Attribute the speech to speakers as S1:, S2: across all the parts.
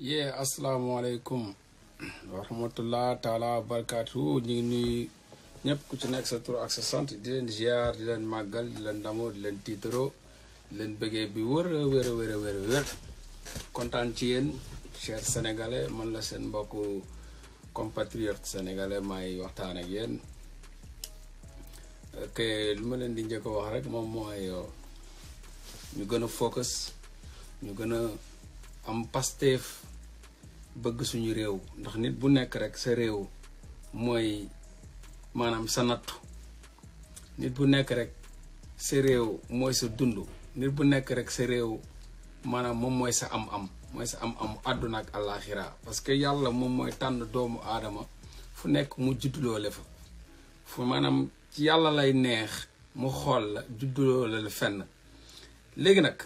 S1: ye yeah, asalaamaaleykum wa rahmatullah taala barkaatu ñu ngi nuyu ñëpp ku ci nek sa tour ak sa sante di len ziar di len magal di len damo di len titro di len bëggee bi wër wër wër wër wër kontaan ci yeen cher sénégalais man la sen mbokku compatriote sénégalais may waxtaan ak yeen ke lu ma len di ñëk wax rek mom moy ñu gëna focus ñu gëna am pastef bëgg suñu réew ndax nit bu nekk rek sa réew mooy maanaam sa nattu nit bu nekk rek sa réew mooy sa dund nit bu nekk rek sa réew maanaam moom mooy sa am-am mooy sa am-am àdduna ak àllaaxira parce que yàlla moom mooy tànn doomu aadama fu nekk mu judduloole fa fu maanaam yàlla lay neex mu xool la judduloole la fenn léegi nag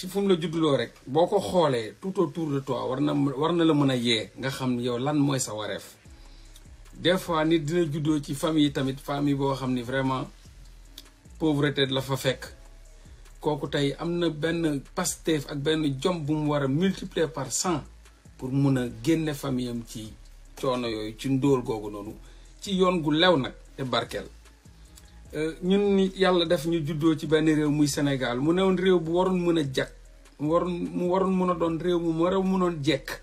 S1: si fum la judduloo rek boko xolé tout autour de toi warna warna la meuna a nga xam yow lan moy sa waref des fois nit dina juddoo ci famille tamit famille bo xamni vraiment pauvreté la fa fek koku tay amna ben Pastef ak ben jom bu mu wara multiplier par 100 pour meuna a génne famille am ci coono yoy ci ndóol googu nonu ci yone gu lew nak te barkel ñun yalla def ñu juddo ci ben réew muy Sénégal mu newoon réew bu waroon mëna a warun mu waroon mu waroon mën mu mëra mu non mënoon jekk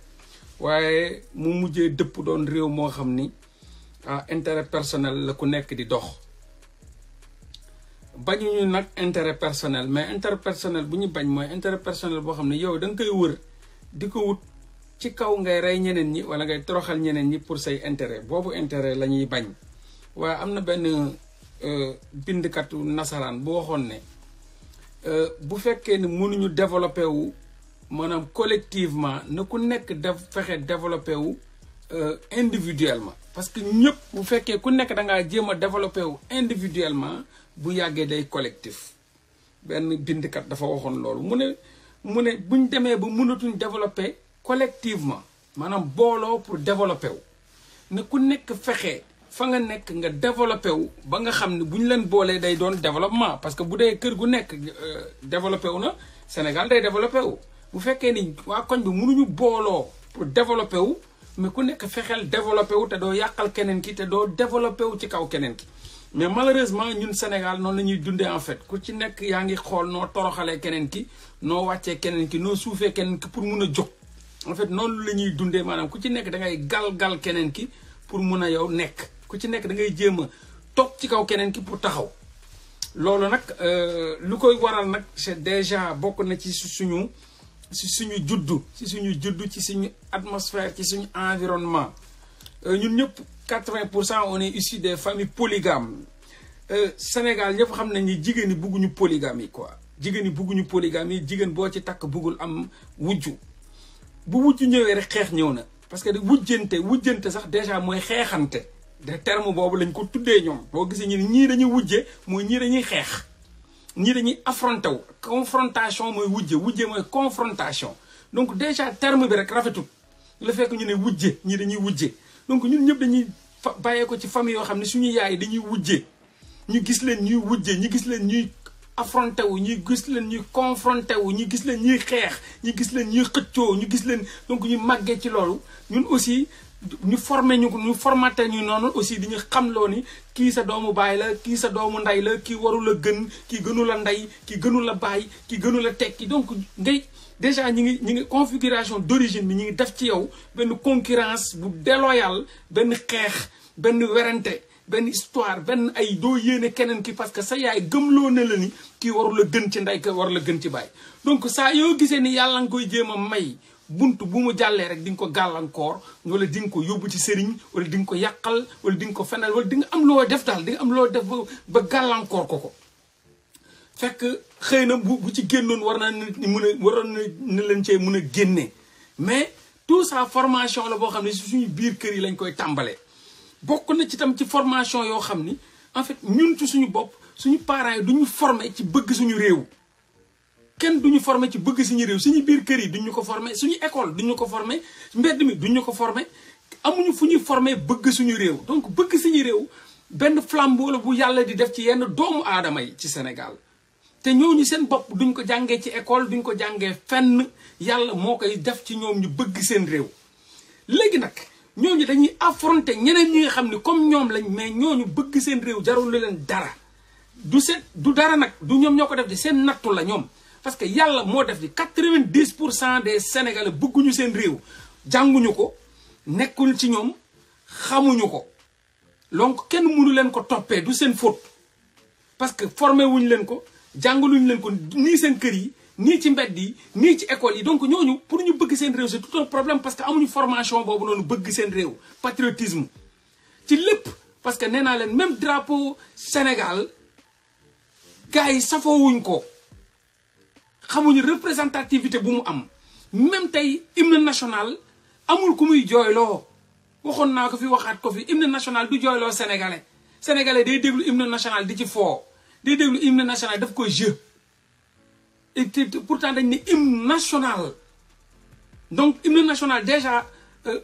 S1: mu mujjé depp doon réew mo xamni ah intérêt personnel la ku nekk di dox ñu nak intérêt personnel mais intérêt personnel bu ñu bañ moy intérêt personnel bo xamni yow dang koy wër diko wut ci kaw ngay ray ñeneen ñi wala ngay toroxal ñeneen ñi pour say intérêt bobu intérêt la bañ wa amna ben Euh, bindkatu nasaraan bu waxoon ne euh, bu fekkee ni mënuñu développé wu maanaam collectivement na ku nekk def fexe développé wu euh, individuellement parce que ñëpp bu fekkee ku nekk da ngaa jéem a développé wu individuellement bu yàggee day collectif benn bindkat dafa waxoon loolu mu ne mu ne buñ demee ba mënatuñ développé collectivement maanaam booloo pour développé wu ku nekk fexe fa nga nekk nga développé wu ba nga xam ne bu ñu leen boolee day doon développement parce que bu dee kër gu nekk euh, développé wu na Sénégal day développé wu bu fekkee ni waa koñ bi mënuñu booloo pour développé wu mais ku nekk fexeel développé wu te doo yàqal keneen ki te doo développé wu ci kaw keneen ki mais malheureusement ñun Sénégal noonu la ñuy dundee en fait ku ci nekk yaa ngi xool noo toroxalee keneen ki noo wàccee keneen ki noo suufee keneen ki pour mun a jóg en fait noonu la ñuy dundee maanaam ku ci nekk da ngay gal gal keneen ki pour mun a yow nekk ku ci nekk da ngay jéem top ci kaw kenen ki pour taxaw nak euh lu koy waral nak c'est déjà bokk na ci suñu ci suñu juddu ci suñu juddu ci suñu atmosphère ci suñu environnement euh, ñun ñep 80 on est issu des familles polygames euh Sénégal ñëpp xam nañ ni jigéen ñi bugguñu polygame yi quoi jigéen ñi bugguñu polygame yi jigéen boo ci tak bëggul am wujju bu wujju ñëwé rek xex ñëw na parce que wujjante wujjante sax déjà moy xexanté de terme bobu lañ ko tuddee ñoom boo ni ñi dañuy moy ñi dañuy ñi dañuy affronté confrontation moy moy confrontation donc déjà terme bi rek fekk ñu ne ni ñi dañuy wujje donc ñun dañuy bayé ko ci famille yo xamné suñu yaay dañuy ñu gis leen ñuy ñu gis leen ñuy affronté wu gis leen ñuy confronté wu gis leen ñuy ñu gis leen ñu gis leen donc ñu maggé ci loolu ñun aussi ñu formé ñu ñu formaté ñu noonu aussi di ñu xam loo ni kii sa doomu baay la kii sa doomu ndey la kii waru la gën kii gënu la ndey kii gënu la baay kii gënu la tekki donc ngay déjà ñi ngi ñi ngi configuration d'origine bi ñi ngi def ci yow benn concurrence bu déloyale benn xeex benn werante benn histoire benn ay doo yéene keneen ki parce que sa yaay gëmloo ne la ni kii waru la gën ci ndey ka gën ci baay donc saa yoo gisee ni yàlla nga koy jéem a may bunt bu mu jàllee rek di nga ko gàllankoor wala di nga ko yóbbu ci sëriñ wala di nga ko yàqal wala di ko fenal wala di am loo def daal am loo def ba gàllankoor ko ko fekk xëy na bu ci génnoon war naa ni mun a waroon na leen cee mun a génnee mais tout ça formation la boo xam ne si suñu biir kër yi lañ koy tàmbalee bokk na ci tam ci formation yoo xam ni en fait ñun ci suñu bopp suñu parents yi duñu formé ci bëgg suñu réew kenn du ñu formé ci bëgg suñu réew suñu biir kër yi duñu ko formé suñu école duñu ko formé mbedd mi duñu ko formé amuñu fu ñuy formé bëgg suñu réew donc bëgg suñu réew benn flambeau bu yàlla di def ci yenn doomu aadama yi ci Sénégal te ñooñu seen bopp duñ ko jàngee ci école duñ ko jàngee fenn yàlla moo koy def ci ñoom ñu bëgg seen réew léegi nag ñooñu dañuy affronté ñeneen ñi xam ne comme ñoom lañ mais ñu bëgg seen réew jarul leen dara du seet du dara nag du ñoom ñoo ko def di seen nattu la ñoom parce que yàlla moo def ni quatre-vingt-dix pour cent des sénégalais bëgguñu seen réew jànguñu ko nekkul ci ñoom xamuñu ko donc kenn mënu leen ko toppee du seen faute parce que formé wuñ leen ko jàngaluñ leen ko nii seen kër yi nii ci mbedd yi nii ci école yi donc ñooñu pour ñu bëgg seen réew c'est tout un problème parce que amuñu formation boobu noonu bëgg seen réew patriotisme ci lépp parce que nee naa leen même drapeau Sénégal gars yi safoo ko xamuñu représentativité bu mu am même tay hymne national amul ku muy jooyloo waxoon naa ko fi waxat ko fi hymne national du joylo sénégalais sénégalais day déglu hymne national di ci fo day déglu hymne national daf koy jeu et pourtant dañ ne hymne national donc hymne national déjà euh,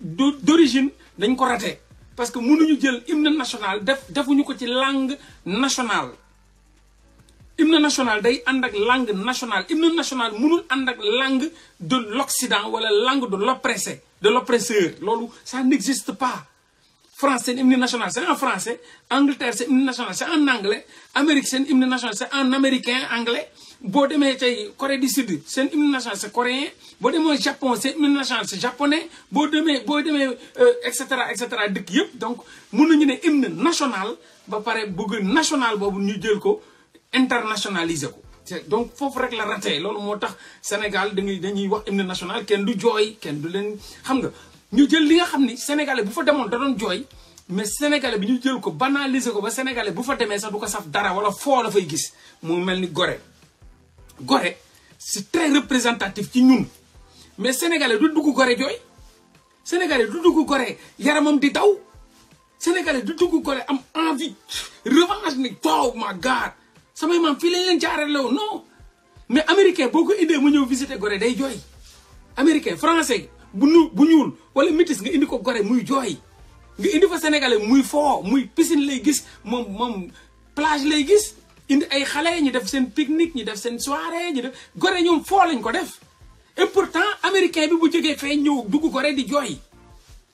S1: d'origine dañ ko raté parce que mënuñu jël hymne national def defuñu ko ci langue nationale L'hymne national day une langue nationale L'hymne national mënul une langue de l'Occident ou la langue de l'oppressé de l'oppresseur ça n'existe pas français, une hymne national c'est en français Angleterre c'est hymne nationale. c'est en anglais Amérique une hymne national c'est en américain anglais Corée du Sud c'est hymne national c'est coréen boo Japon c'est hymne national c'est japonais boo demee etc. Euh, etc. donc une hymne national ba pare national ñu internationaliser ko donc foofu rek la raté lolou motax Sénégal dañuy dañuy wax hymne national kenn du joy ken du len xam nga ñu jël li nga xamni ni sénégalais bu fa demoon da doon joy mais sénégalais bi ñu jël ko banaliser ko ba sénégalais bu fa démé sax du ko saf dara wala fo la fay gis mu melni ni Gorée c'est très représentatif ci ñun mais sénégalais du dugg Gorée joy sénégalais du dugg Gorée yaramam di daw sénégalais du dugg Gorée am envie revanche ni toow my god samay maam fii lañ leen jaarale woon non mais américain boo ko indee mu ñëw visiter Gorée day jooy américain français bu nu bu ñuul wala métis nga indi ko Gorée muy jooy nga indi fa sénégalais muy foo muy piscine lay gis moom moom plage lay gis indi ay xale ñu def seen pique-nique def seen soirée ñu def Gorée ñoom foo lañ ko def et pourtant américain bi bu jógee fee ñëw dugg Gorée di jooy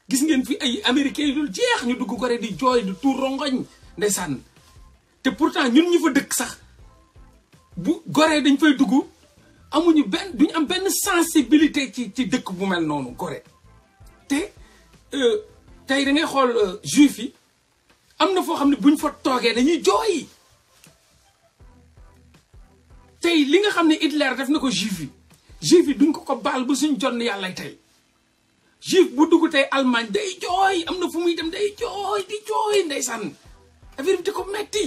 S1: gis ngeen fi ay américain yu dul jeex ñu dugg Gorée di jooy du tuur rongoñ ndeysaan te pourtant ñun ñu fa dëkk sax bu Gorée dañ fay dugg amuñu benn duñu am benn sensibilité ci ci dëkk bu mel noonu Gorée te euh, tey dangay xool euh, juif yi am na foo xam ne buñ fa toogee dañuy jooy tey li nga xam ne Hitler def na ko juif yi juif yi duñ ko ko baal ba suñ jot jonn yàlla tey juif bu dugg tey Allemagne day jooy am na fu muy dem day jooy di jooy ndeysaan affaire bi di ko metti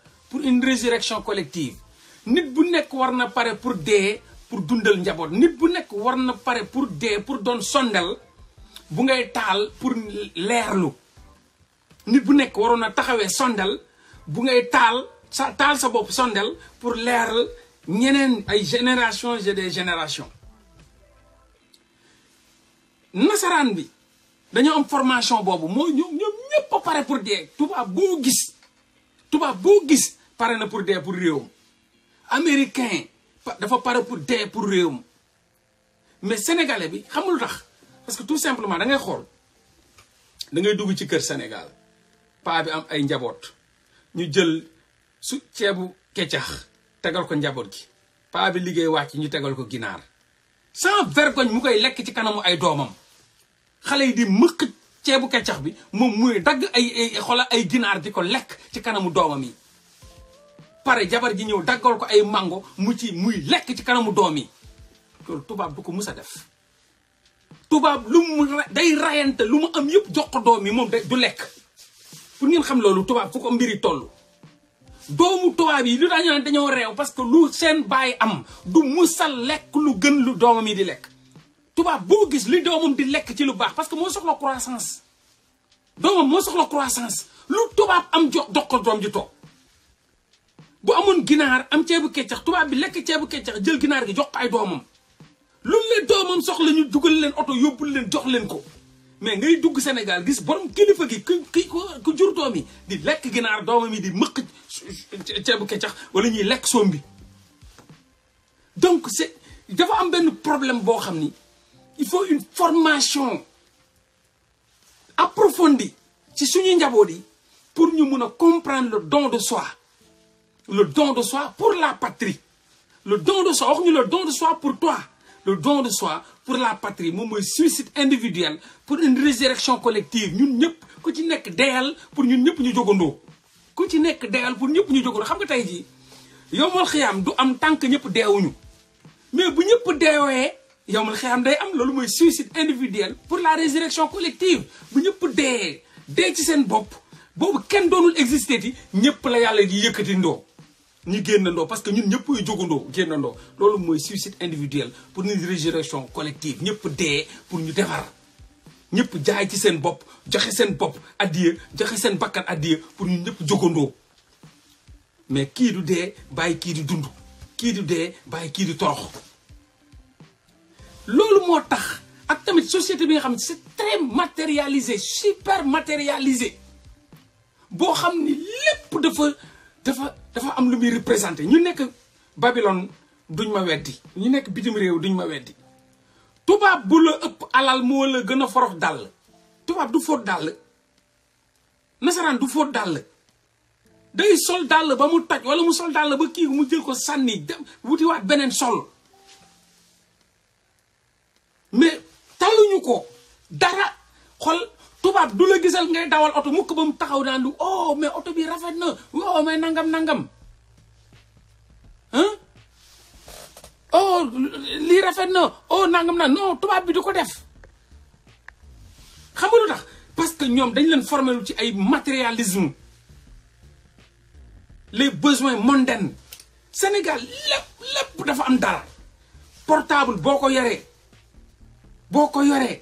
S1: pour une résurrection collective nit bu nek war na pare pour dé pour dundal njabot. nit bu nek war na pare pour dé pour don sondel bu ngay tal pour leerlu nit bu nek warona taxawé sondel bu ngay tal sa sa bop sondel pour leeral ñenen ay génération et des générations Nasaran bi dañu am formation bobu mooy ñom ñom ñepp paré pour dé. tubaab boo gis tubaab boo gis pare na pour dee pour réewam américain dafa pare pour dee pour réewam mais sénégalais bi xamul tax parce que tout simplement da ngay xool da ngay dugg ci kër Sénégal paa bi am ay njaboot ñu jël su ceebu keccax tegal ko njaboot gi paa bi liggéey wàcc ñu tegal ko ginaar sans vergogne mu koy lekk ci kanamu ay doomam xale yi di mëq ceebu keccax bi moom muy dagg ay ay ay ginaar di ko lekk ci kanamu doomam yi pare jabar ji ñew daggal ko ay mango mu ci muy lek ci kanamu doomi lolou tubab du ko musa def tubab lu mu day rayante lu mu am yep jox ko doomi mom du lek pour ngeen xam lolou tubab fu ko mbiri tollu doomu tubab yi lu dañu dañu rew parce que lu sen baye am du musa lek lu gën lu doomam di lek tubab bo gis li doomam di lek ci lu bax parce que mo soxla croissance doomam mo soxla croissance lu tubab am jox dox ko doom tok bu amone ginar am ceebu keccax tuba bi lek ceebu keccax jël ginar gi jox ay domam lu le domam soxla ñu duggal len auto yobul len jox len ko mais ngay dugg Sénégal gis borom kilifa gi ku ki ku jur doom di lek ginar doomam yi di mëq ceebu keccax wala ñi lek sombi donc c'est dafa am ben problème bo xamni il faut une formation approfondie ci suñu njaboot pour ñu mëna comprendre le don de soi le don de soi pour la patrie le don de soi waxuñu le don de soi pour toi le don de soi pour la patrie Mon suicide individuel pour une résurrection collective ñun ñëpp ku ci nekk deyal pour ñun ñëpp ñu jogandoo ku ci nekk deyal pour ñëpp ñu jogandoo xam nga tey jii yowmal xiyaam du am tànk ñëpp deewuñu mais bu ñëpp deewee yowmal xiyaam day am loolu mooy suicide individuel pour la résurrection collective bu ñëpp dee dee ci sen bopp boobu kenn doonul existé ti ñëpp la yàlla di yëkkati ndoo sommes parce que nous ñëpp faire jógandoo nous suicide individuel pour une résurrection collective nous pouvons pour ñu defar Nous jaay ci seen Nous joxe seen pour joxe seen qui pour ñun mais qui du dee qui nous di qui nous du qui nous société c'est très matérialisé super matérialisé on nous dafa dafa am lu muy représenté ñu nekk Babylone duñ ma weddi ñu nekk bitim réew duñ ma weddi tubaab bu la ëpp alal moo la gën a forox dàll tubaab du fóot dàll nasaraan du fóot dàll day sol dàll ba mu taj wala mu sol dàll ba kii mu jël ko sànni wutiwaat beneen sol mais taluñu ko dara xol tubaab du la gisal ngay dawal oto mukk ba mu taxaw naan lu oh mais oto bii rafet na oh mais nangam nangam ah lii rafet na oh nangam na non tubaab bi du ko def xam nga tax parce que ñoom dañ leen formé ci ay matérialisme les besoins mondains Sénégal lépp lépp dafa am dara portable boo ko yoree boo ko yoree.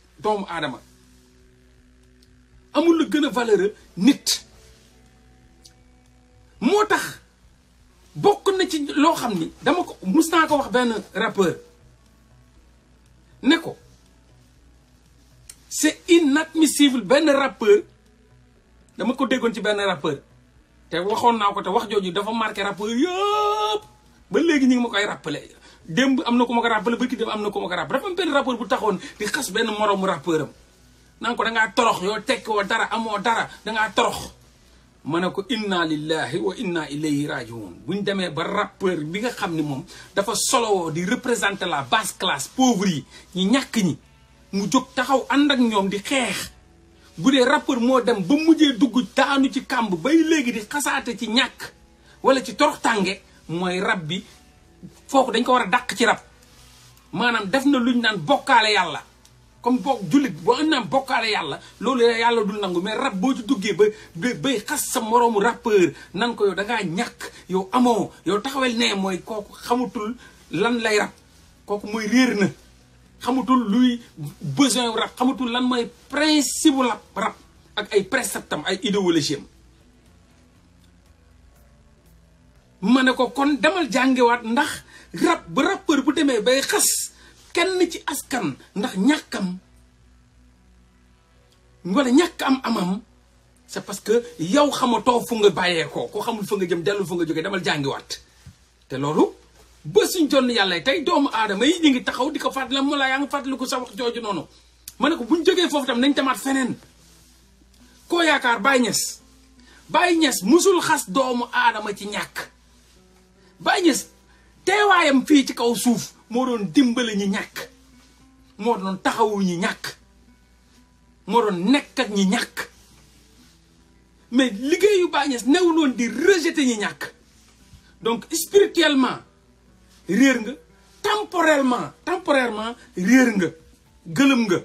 S1: doomu aadama amul lu gën a valeureux nit moo tax bokk na ci loo xam ni dama ko mus naa ko wax benn rappeur ne ko c'est inadmissible benn rappeur dama ko déggoon ci benn rappeur te waxoon naa ko te wax jooju dafa marqué rappeur yëpp ba léegi ñu ngi ma koy rappelé démb amna ko mako rap rappelé bërki dem amna ko mako rap dafa am benn rappeur bu taxone di xass ben morom rappeuram nang ko da nga torox yo tekki woo dara amo dara da nga torox manako inna lillahi wa inna ilayhi rajiun buñ démé ba rappeur bi nga xamni mom moom dafa solowoo di représenter la basse classe pauvre ñi ñak ñi mu jog taxaw and ak ñom di xex budé dee rappeur moo dem ba mujjé dugg taanu ci kamb bay légui di xasaate ci ñak wala ci torox tangé moy rabbi fofu dañ ko wara dak ci rap manam def na luñ nane bokkaale yalla comme bok julit bo am naan bokkaale yàlla loolu yalla dul nangou mais rap bo ci duggé ba bay xass sa morom rappeur nan ko yow da nga ñak yow amo yow taxawel né moy koku xamutul lan lay rap koku moy rir na xamutul luy besoin rap xamutul lan moy principe la rap ak ay préceptam ay idéologie am kon demal jangewat ndax rap ba rappeur bu demee bay xas kenn ci askan ndax ñàkkam wala ñàkk am amam c'est parce que yow xamatoo fu nga bàyyeekoo ko xamul fu nga jëm dellul fu nga jógee demal jàngiwaat te loolu ba suñ jonn yàlla tey doomu aadama yi ñu ngi taxaw di ko fàttali mu la yaa ngi fàttaliku sa wax jooju noonu ma ne ko buñ jógee foofu tam nañ tamaat feneen koo yaakaar Baye Niass Baye Niass musul xas doomu aadama ci ñàkk Baye Niass teewaayam fii ci kaw suuf moo doon dimbale ñi ñàkk moo doon taxawu ñi ñàkk moo doon nekk ak ñi ñàkk mais liggéeyu Baay Ñas newul di rejeter ñi ñàkk donc spirituellement réer nga temporellement temporairement réer nga gëlëm nga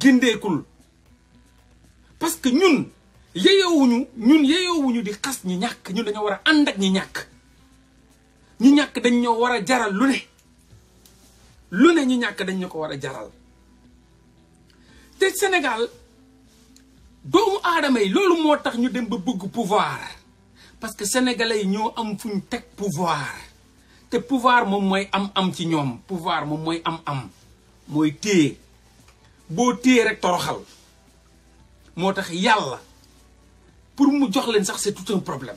S1: gindeekul parce que ñun yeyowuñu ñun yeyowuñu di xas ñi ñàkk ñun dañoo war a ànd ak ñi ñàkk ñu ñak dañ jaral lu lune lu ne dañ jaral té Sénégal doomu aadama lolu loolu tax ñu pouvoir parce que sénégalais ont am pouvoir le pouvoir le un am-am ci pouvoir moom moy am-am moy est rek toroxal pour mu jox c'est tout un problème.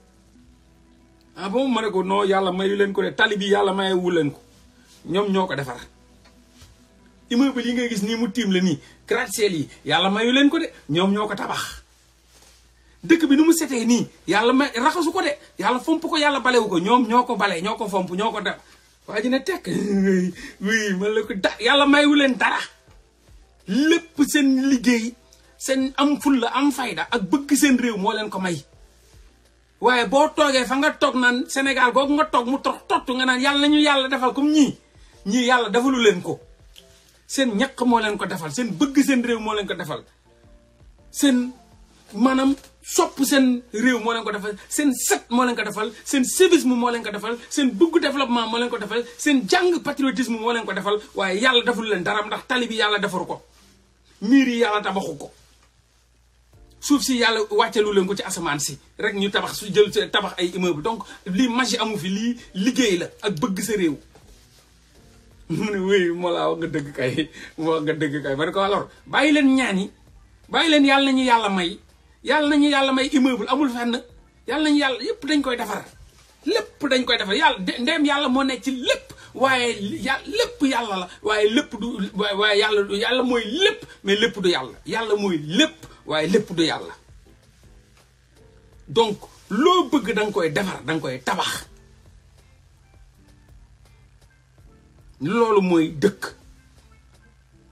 S1: ah bon ma ne ko non yàlla mayu leen ko de tali bi yàlla mayewu leen ko ñoom ñoo ko defar immeuble yi ngay gis nii mu tiim la nii gratte yi yàlla mayu leen ko de ñoom ñoo ko tabax dëkk bi ni mu setee nii yàlla may raxasu ko de yàlla fomp ko yàlla balewu ko ñoom ñoo ko bale ñoo ko fomp ñoo ko def waa ji ne tekk oui yàlla mayu leen dara lépp seen liggéey seen am fulla am fayda ak bëgg seen réew moo leen ko may waaye boo toogee fa nga toog naan Sénégal googu nga toog mu tox tottu nga naan yàlla nañu yàlla defal comme ñii ñii yàlla defalu leen ko seen ñaq moo leen ko defal seen bëgg seen réew moo leen ko defal seen maanaam sopp seen réew moo leen ko defal seen set moo leen ko defal seen civisme moo leen ko defal seen bëgg développement moo leen ko defal seen jàng patriotisme moo leen ko defal waaye yàlla deful leen dara ndax tali bi yàlla defaru ko miir yi yàlla dabaxu ko suuf si yàlla wàcceelu leen ko ci asamaan si rek ñu tabax su jël tabax ay immeuble donc lii magie amu fi lii liggéey la ak bëgg sa réew mu ne wéy moo laa nga dëgg dëgg kay ko alors bàyyi leen ñaan yi bàyyi leen yàlla nañu yàlla may yàlla nañu yàlla may immeuble amul fenn yàlla nañu yàlla yëpp dañ koy defar lépp dañ koy defar yàlla ndeem yàlla moo nekk ci lépp waaye yàlla lépp yàlla la waaye lépp du waaye yàlla yàlla mooy lépp mais lépp du yàlla yàlla mooy lépp Mais du donc loo bëgg da koy defar da koy tabax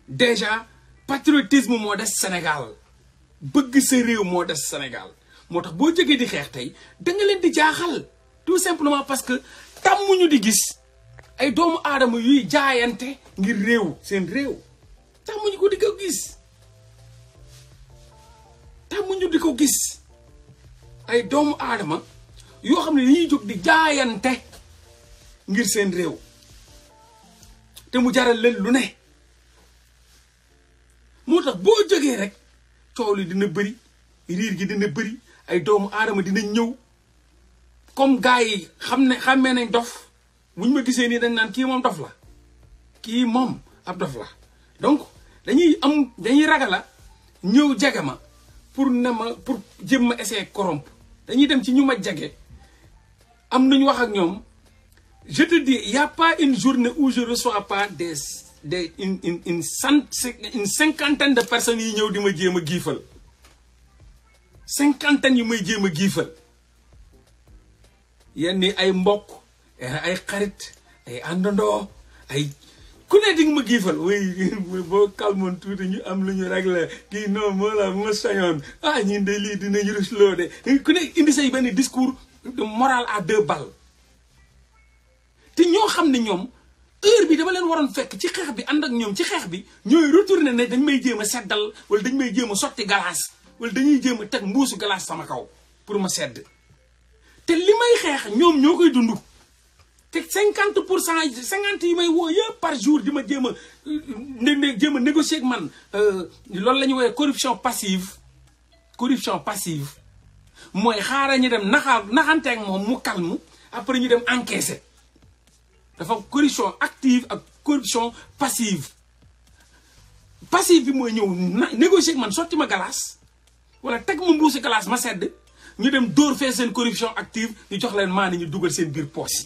S1: déjà patriotisme est Sénégal Le sa réew Sénégal di dire da tout simplement parce que di gis ay doomu aadama yuy jaayante ngir réew seen réew ko di ko tàmmuñu di ko gis ay doomu aadama yoo xam ne dañuy jóg di jaayante ngir seen réew te mu jaral leen lu ne moo tax boo jógee rek coow li dina bëri riir gi dina bëri ay doomu aadama dina ñëw comme gars yi xam ne xàmmee nañ dof buñ ma gisee nii dañ naan kii moom dof la kii moom ab dof la donc dañuy am dañuy ragala ñëw jege ma pour na ma pour jëm ma essayer corrompre dañuy dem ci ñu ma jege am nañu wax ak ñoom je te dis y' pas une journée où je reçois pas des des une une une cent une cinquantaine de personnes yi ñëw di ma jéem a giifal cinquantaine yu may jéem a giifal yenn ay mbokk ay xarit ay àndandoo ay ku ne di nga ma giifal oui boo calmoon tuuti ñu am lu ñu réglé kii non moo la ma sañoon ah ñun de lii dinañ rusloo de ku ne indi say benn discours de morale à deux balles te ñoo xam ne ñoom heure bi dama leen waroon fekk ci xeex bi ànd ak ñoom ci xeex bi ñooy retourné ne dañ may jéem a seddal wala dañ may jéem a sotti galaas wala dañuy jéem a teg mbuusu galaas sama kaw pour ma sedd te li may xeex ñoom ñoo koy dund. te cinquante pour cent cinquante yi may woo yëpp par jour di ma jéem a ne jéem a négocier ak man euh, loolu la ñu woowee corruption passive corruption passive mooy xaaral ñu dem naxaa naxanteeg moom mu calme après ñu dem encaisser dafa corruption active ak corruption passive passive bi mooy ñëw négocier ak man sotti ma galaas wala teg ma mbuusi galaas ma sedd ñu dem dóor fee seen corruption active ñu jox leen maa ni ñu dugal seen biir poche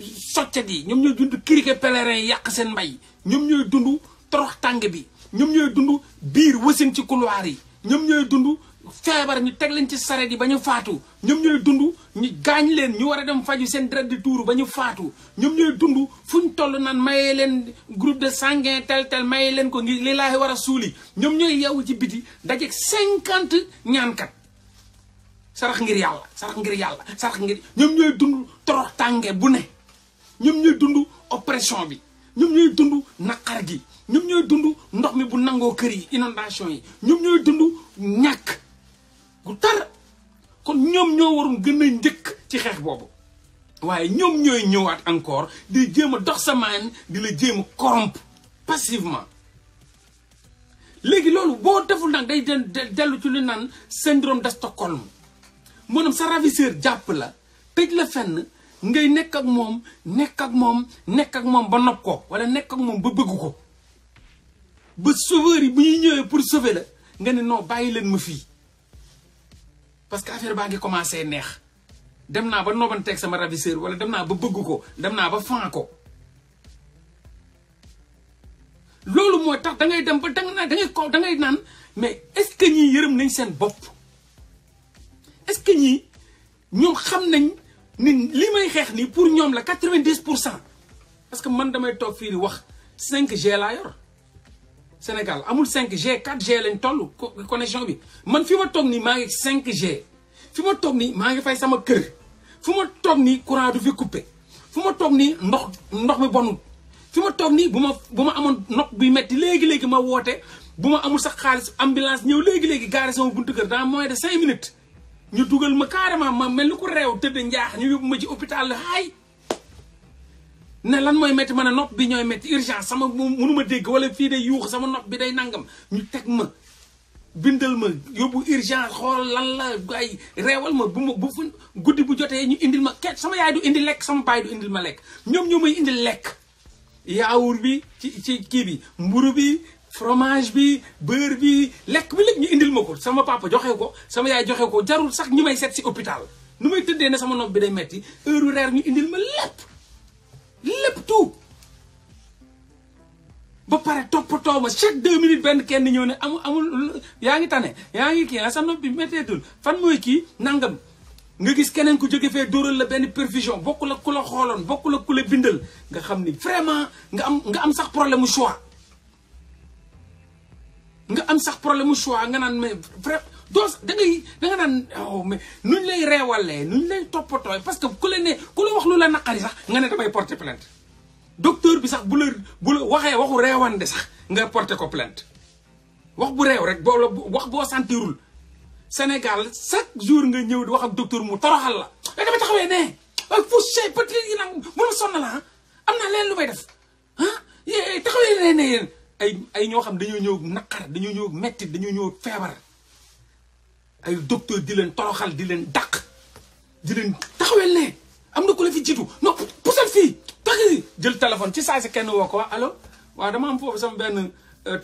S1: soccet yi ñoom ñooy dund criquet pèlerin yi yàq seen mbay ñoom ñooy dund torox tàng bi ñoom ñooy dund biir wasin ci couloir yi ñoom ñooy dund feebar ñu teg leen ci saret yi ba ñu faatu ñoom ñooy dund ñu gaañ leen ñu war a dem faju seen deret di tuuru ba ñu faatu ñoom ñooy dundu fu ñu toll naan mayee leen groupe de sanguin tel tel mayee leen ko ngi li laahi war a suuli ñoom ñooy yow ci biti dajeeg cinquante ñaankat sarax ngir yàlla sarax ngir yàlla sarax ngir ñoom ñooy dund torox tànge bu ne ñoom ñooy dund oppression bi ñoom ñooy dund naqar gi ñoom ñooy dund ndox mi bu nangoo kër yi inondation yi ñoom ñooy dund ñàkk gu tar kon ñoom ñoo waroon gën a njëkk ci xeex boobu waaye ñoom ñooy ñëwaat encore di jéem a dox samaan di la jéem a corrompre passivement léegi loolu boo deful nag day dellu ci lu naan syndrome de Stockholm maanaam sa ravisseur jàpp la tëj la fenn ngay nekk ak mom nekk ak mom nekk ak mom ba nopp ko wala nekk ak moom ba bëgg ko ba sauveur yi bu ñuy ñëwee pour sauver la nga ne non bàyyi leen ma fii parce que affaire baa ngi commencé neex dem naa ba nobanteeg sama ravisseur wala dem naa ba bëgg ko dem naa ba fan ko loolu moo tax da ngay dem ba danga naa dangay ko da ngay naan mais est ce que ñii yërëm nañ seen bopp est ce que ñii ñoom xam nañ ni li pour la 90%. parce que man damay tok fi di wax 5G la yor Sénégal amul 5G 4G lañ toll connexion bi man fi ma tok 5G fi ma ni fay sama kër ma courant du fi coupé ma ndox ndox mi ma amul sax ambulance sama buntu dans moins de 5 minutes ñu dugal ma carrément ma mel ni ku réew tëdd njaax ñu yóbbu ma ci hôpital haay ne lan mooy métti man ne nopp bi ñooy métti urgence sama mënuma dégg wala fii day yuux sama nopp bi day nangam ñu teg ma bindal ma yóbbu urgence xool lan la ay ma bu ma guddi bu jotee ñu indil ma ket sama yaay du indi lekk sama baay du indil ma lekk ñoom ñoo may indil lekk yaawur bi ci ci kii bi mburu bi fromage bi beurre bi lekk bi lépp ñu indil ma ko sama papa joxe ko sama yaay joxe ko jarul sax ñi may seet si hôpital nu may tëddee ne sama nopp bi day metti heure reer ñu indil ma lépp lépp tout ba pare toppatoo ma chaque deux minutes benn kenn ñëw ne amul amul yaa ngi ne yaa ngi kii ah sa nopp bi métteetul fan mooy kii nangam nga gis keneen ku jóge fee dóoral la benn perfusion bokk la ku xooloon bokku la ku bindal nga xam ni vraiment nga am nga am sax problème mu choix. nga am sax problème mu choix nga nan mais vrai doo da ngay da nga nan oh mais nuñ lay réwalé nuñ lay topoto parce que kou la ne ku la wax lu la nakari sax nga né damay porter plainte docteur bi sax bu leur bu waxé waxu réwandé sax nga porter ko plainte wax bu réw rek bo la wax bo sentirul Sénégal chaque jour nga ñëw di wax ak docteur mu toroxal la eh, da taxawé né ak fouché peut-être yi nang mu la la ah lén lu bay def hein ah. né ay ay ñoo xam dañoo ñëw naqar dañoo ñëw metti dañoo ñëw feebar ay docteur di leen toroxal di leen dàq di leen taxawel ne am na ku la fi jiitu non pusal fii taxi ci saa si kenn woo ko waa allo waaw benn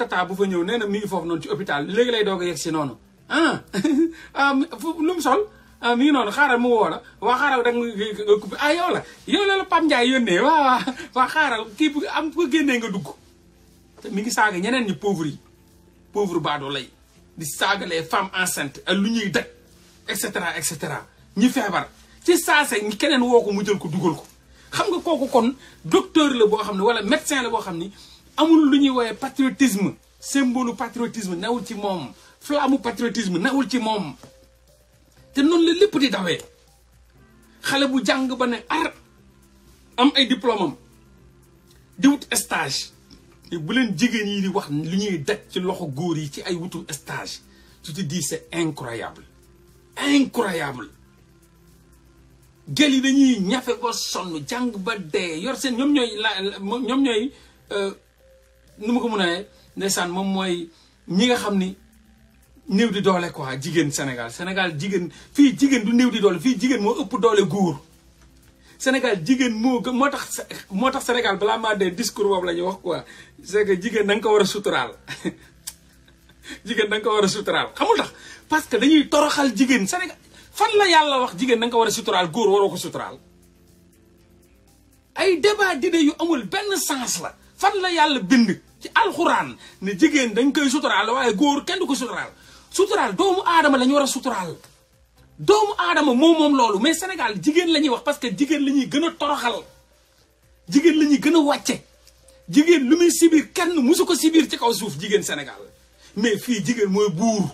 S1: tata bu fa ñëw nee na mi foofu noonu ci hôpital léegi lay doog a yegg si noonu ah lu mu sol ah mi ngi noonu xaaral mu woo waa xaaral da nga coupé ah yow la yow la la Pape Ndiaye yónnee waaw waa xaaral kii bu am ko génnee nga dugg mi ngi saaga ñeneen ñi pauvre yi pauvre baadoo lay di saaga les femmes enceintes ak lu etc daj et cetera et cetera ñi feebar ci saase ñi keneen woo mu jël ko dugal ko xam nga kon docteur la boo xam wala médecin la boo xam ni amul lu patriotisme symbole patriotisme nawul ci moom flamme patriotisme nawul ci moom te noonu la lépp di dawee xale bu jàng ba ar am ay diplôme di wut stage bu leen yi di wax li ñuy dacc ci loxo goor yi stage tu te dis c'est incroyable incroyable gel yi dañuy ñafé sonu jang ba dé yor sen ñom ñoy ñom ñoy euh numu ko mëna mom moy ñi nga di quoi Sénégal Sénégal jigen fi jigen du di Sénégal jigéen moo gën moo tax moo tax Sénégal balaa maa dee discours boobu la ñuy wax quoi c'est que jigéen da ko war a jigéen da nga ko war a suturaal xamul tax parce que dañuy toroxal jigéen Sénégal fan la yàlla wax jigéen da nga ko war a suturaal góor waroo ko suturaal ay débat d'idées yu amul benn sens la fan la yàlla bind ci alxuraan ne jigéen dañ koy suturaal waaye góor kenn du ko suturaal suturaal doomu aadama la war a suturaal doomu adama mom mom lolou mais senegal jigen lañuy wax parce que jigen lañuy gëna toroxal jigen lañuy gëna gën jigen lu muy sibir kenn musu ko sibir ci kaw souf jigen senegal mais fi jigen moy bour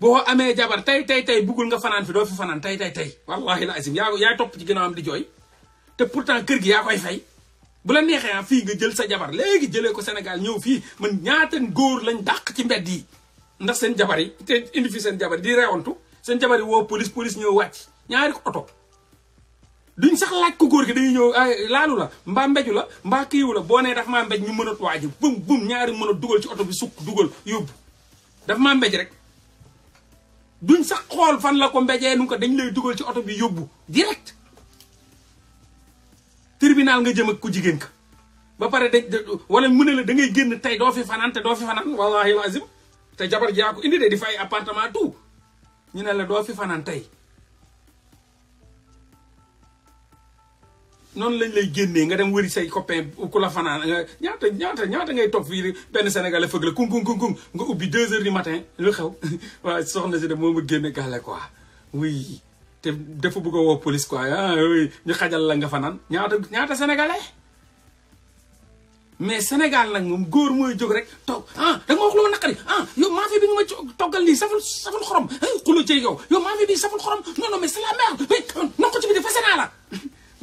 S1: bo amé jabar tay tay tay bugul nga fanan fi do fi fanan tay tay tay wallahi la azim ya ya top ci ginnaawam di joy te pourtant kër gi ya koy fay bu la nexé ah, fi nga jël sa jabar légui jëlé ko senegal ñew fi man ñaata goor lañ dàq ci mbéddi ndax sen jabar yi te indi fi sen jabar di rewontu seen jabar wo police police ñëw wacc ñaari auto duñ sax laaj ko goor gi dañuy ñëw laalu la mba mbeju la mba kiwu la bo ne daf ma mbej ñu mëna a bum bum ñaari mëna duggal ci auto bi suk duggal yob daf ma mbej rek duñ sax xol fan la ko mbejé nu ko dañ lay duggal ci auto bi yob direct tribunal nga jëm ak ku jigen ka ba paré de wala mu ne la da ngay genn tay do fi fanan, te doo fi fanan, wallahi lazim te jabar ji yaa ko indi de di fay appartement tout ñu ne la doo fi fanaan tey noonu lañ lay génnee nga dem wëri say copain ku la fanaan ñaata ñaata ñaata ngay topp fii benn sénégalais fëgg la kung kung kung nga ubbi deux heures du matin lu xew waaw soxna si de moo ma génne gàlle quoi oui te dafa bëgg a woo police quoi ah oui ñu xajal la nga fanaan ñaata ñaata sénégalais mais Sénégal nag moom góor mooy jóg rek toog ah da nga wax loo naqari ah yow maafe bi nga ma toggal lii saful saful xorom xuloo ci yow yow maafe bi saful xorom non non mais c'est la merde mais euh, non ko ci bi di fase naa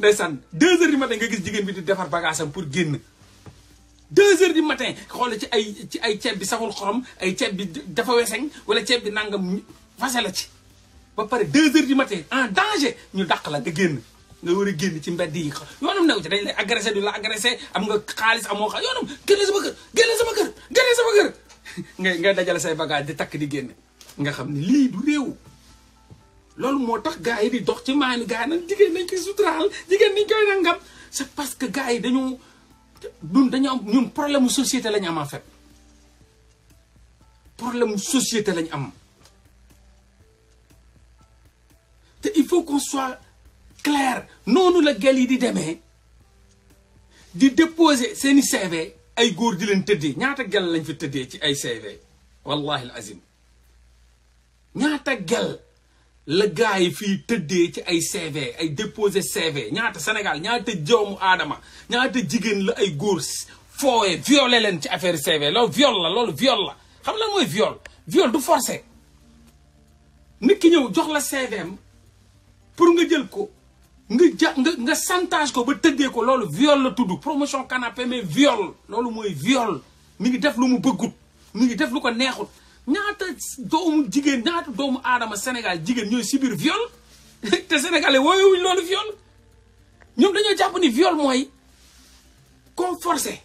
S1: la nga gis jigéen bi di defar bagage pour génn deux heures du matin xool ci ay ci ay ceeb bi saful xorom ay ceeb bi dafa weseñ wala ceeb bi nangam fase la ci ba pare deux heures du matin en danger ñu daq la nga génn nga war a génn ci mbedd yi yoonam new ci dañ lay agressé du la agressé am nga xaalis amoo xa yoonam génne sama kër génne sama kër génne ngay dajale say bagage di takk di génne nga xam ne lii du réew loolu moo tax gaa yi di dox ci maanu gaa yi nag jigéen nañ koy suturaal jigéen nañ koy nangam c'est parce que gars yi dañoo ñun dañoo am ñun problème mu société lañ am en fait problème mu lañ am te il faut qu'on soit clair noonu la gel yi di demee di déposer seeni CV ay góor di leen tëddee ñaata gel lañ fi tëddee ci ay CV wallahi azim ñaata gel la gars yi fii tëddee ci ay CV ay déposer CV ñaata senegal ñaata joomu aadama ñaata jigéen la ay góor fooye violé leen ci affaire CV loolu viol la loolu viol la xam lan mooy viol du forcé nit ki ñëw jox la CV am nga jël ko nga ja nga nga chantage ko ba tëddee ko loolu viol la tudd promotion canapé mais viol loolu mooy viol mi ngi def lu mu bëggut mi ngi def lu ko neexut ñaata doomu jigéen ñaata doomu aadama Sénégal jigéen ñooy subir viol te sénégalais wooyewuñ loolu viol ñoom dañoo jàpp ni viol mooy comme forcé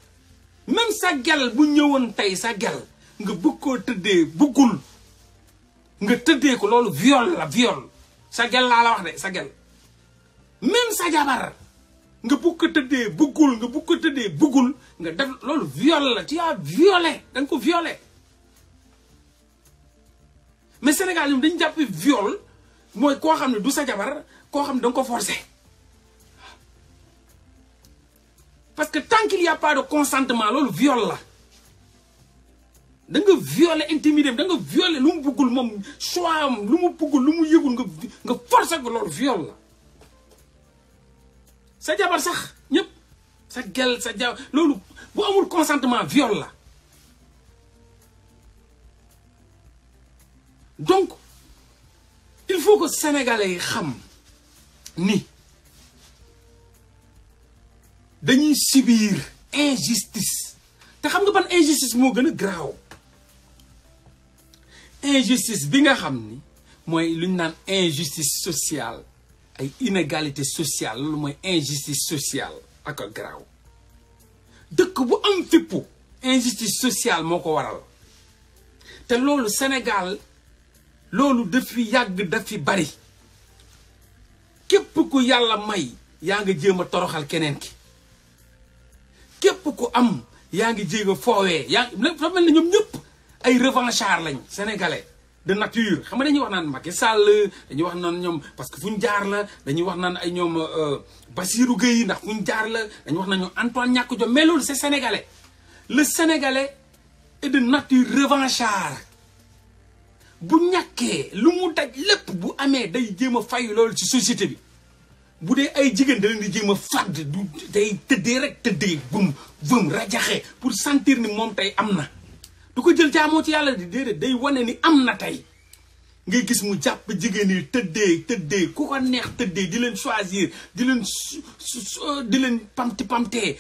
S1: même sa gel bu ñëwoon tey sa gel nga bëgg koo tëddee bëggul nga tëddee ko loolu viol la viol sa gel laa la wax de sa gel même sa jabar nga ko bëggul nga ko bëggul nga def lolu viol la tu as violé da violé mais Sénégal tu dañ japp viol moy ko xam du sa jabar ko ne parce que tant qu'il y a pas de consentement un viol la da violé intimidé violer, violé lu mu bëggul choix nga nga forcé ko lolu viol sa jabar sax ñep sa gel sa jaw lolu bu amul consentement viol la donc il faut que sénégalais xam ni dañuy subir injustice té xam nga ban injustice mo gëna graw injustice bi nga xam ni mooy lu ñu injustice sociale ay inégalité sociale loolu moy injustice sociale ak graw garaaw bu am fippu injustice sociale moko waral té lolu Sénégal loolu yag, yàgg dafi bari képp ku yalla may ya nga jéem a toroxal kenen ki képp ku am ya nga jéem a ya yaa dafa mel ne ñoom ñëpp ay revanchard lañ sénégalais de nature xam nga dañuy wax naan Macky Sall dañuy wax naan ñom parce que fu jaar la dañuy wax naan ay ñoom euh, Bassirou Gueye ndax fu jaar la dañuy wax naan Antoine Niak Diop mais lool c'est sénégalais le sénégalais est de nature revanchard bu ñaké lu mu daj lepp bu amé day jëma fay lool ci société bi bu dé ay jigen da leen di jéem du day teddé rek tëddee bum vëm rajaxe pour sentir ni mom tay amna du ko jël jaamoo ci yàlla di déedéet day wane ni am na tey ngay gis mu jàpp jigéen yi tëddee tëddee ku ko neex tëddee di leen choisir di leen euh, di leen pamti pamtee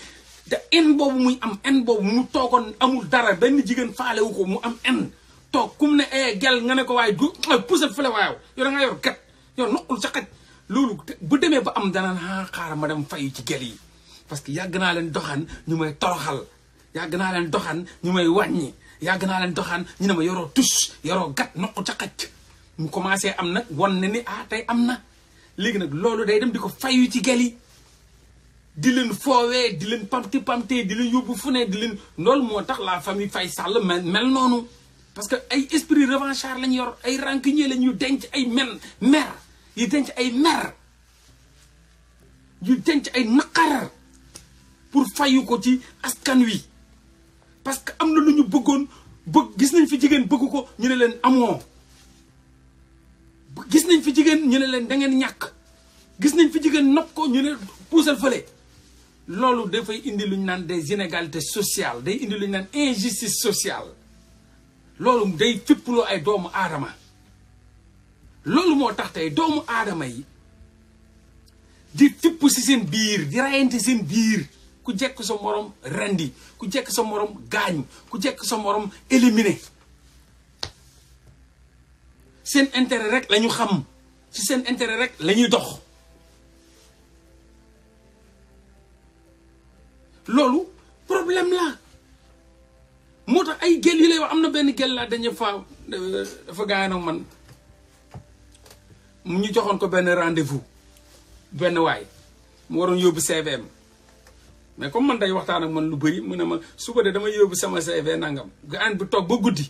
S1: te en boobu muy am en boobu mu toogoon amul dara benn jigéen faalewu ko mu am en toog kum ne ee eh, gel nga ne ko waaye du pusal fële waaw yow da nga yor gat yow noqul ca xaj loolu bu demee ba am dana naa ah, xaaral ma dem fayu ci gel yi parce que yàgg naa leen doxan ñu may toroxal yàgg naa leen doxan ñu may wàññi yàgg naa leen doxaan ñu ne ma yoroo tus yoroo gat noq ca xaj mu commencé am nag wan ne ni ah tey am na léegi nag loolu day dem di ko fayu ci gel yi di leen foowee di leen pamti pamte di leen yóbbu fu ne di leen loolu moo tax la famille fay Sall mel mel noonu parce que ay esprit revanchard lañ yor ay rancunier lañ yu denc ay men mer yu denc ay mer yu denc ay naqar pour fayu ko ci askan wi parce que am na lu ñu bëggoon bëgg gis nañ fi jigéen bëggu ko ñu ne leen amoo gis nañ fi jigéen ñu ne leen da ngeen ñàkk gis nañ fi jigéen nopp ko ñu ne puusal fële loolu dafay indi lu ñu naan des inégalités sociales day indi lu ñu naan injustice sociale loolu day fipploo ay doomu aadama loolu moo tax tey doomu aadama yi di fipp si seen biir di rayante seen biir ku jekk sa morom rendi ku jekk sa moroom gaañ ku jekk sa morom éliminer seen intérêt rek lañu xam ci seen intérêt rek lañuy dox loolu problème la moo tax ay gel yu lay wax am na benn gel laa dernière fois dafa gaañ ak man mu ñu joxoon ko benn rendez-vous benn waay mu waroon yóbbu CVM mais comme man day waxtaan ak man lu bëri mun ne ma suba de dama yóbbu sama CV nangam nga an bu toog ba guddi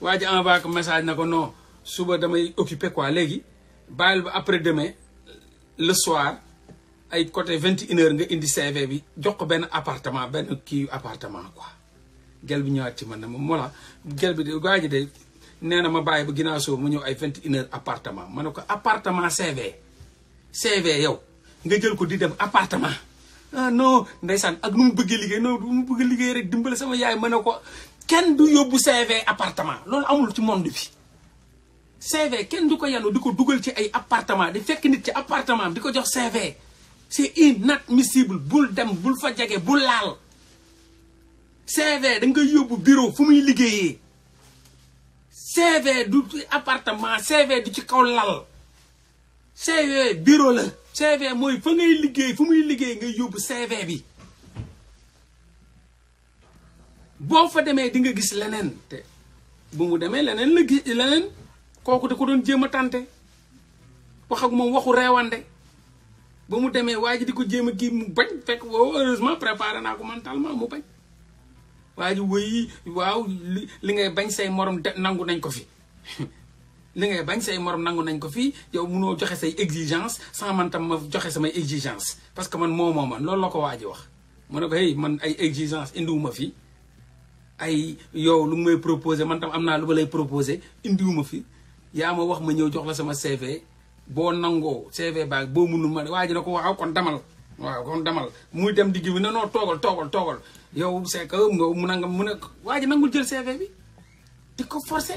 S1: waa ji envoyé ko message na ko non suba damay occupé quoi léegi bàyyil ba après demain le soir ay côté vingt et une nga indi CV bi jox ko benn appartement benn kii appartement quoi gel bi ñëwaat ci man ne ma mola gel bi de waa de nee na ma bàyyi ba ginnaaw suba mu ñëw ay vingt et une heure appartement ma ne ko appartement CV CV yow nga jël ko di dem appartement ah non ndeysaan ak nu mu bëggee liggéey non du mu bëgg liggéey rek dimbale sama yaay ma ne ko kenn du yóbbu CV appartement loolu amul ci moom di bi CV kenn du ko yenu du ko dugal ci ay appartement di fekk nit ci appartement di ko jox CV c'est inadmissible bul dem bul fa jege bul laal CV da koy yóbbu bureau fu muy liggéeyee CV du appartement CV du ci kaw lal CV bureau la CV mooy fa ngay liggéey fu muy liggéey ngay yóbbu CV bi boo fa demee di nga gis leneen te bu mu demee leneen la gis leneen kooku da ko doon jéem a tànte wax ak waxu reewande ba mu demee waa ji di ko jéem a kii mu bañ fekk wow heureusement préparé naa ko mentalement mu bañ waa ji wëy waaw li ngay bañ say morom nangu nañ ko fi li ngay bañ say morom nangu nañ ko fii yow munoo joxe say exigence sans man tam ma joxe samay exigence parce que man moo moo man loolu la ko waa wax mu ne ko hey man ay exigence indiwuma fi ay yow lu may proposé man tam am naa lu ma lay proposé indiwuma fi yaa ma wax ma ñëw jox la sama CV boo nangoo CV baag boo munul ma waa ji na ko waaw kon damal waaw kon damal muy dem digg bi ne noo toogal toogal toogal yow c'est que nga mu nangam mu ne waa ji nangul jël CV bi di ko forcé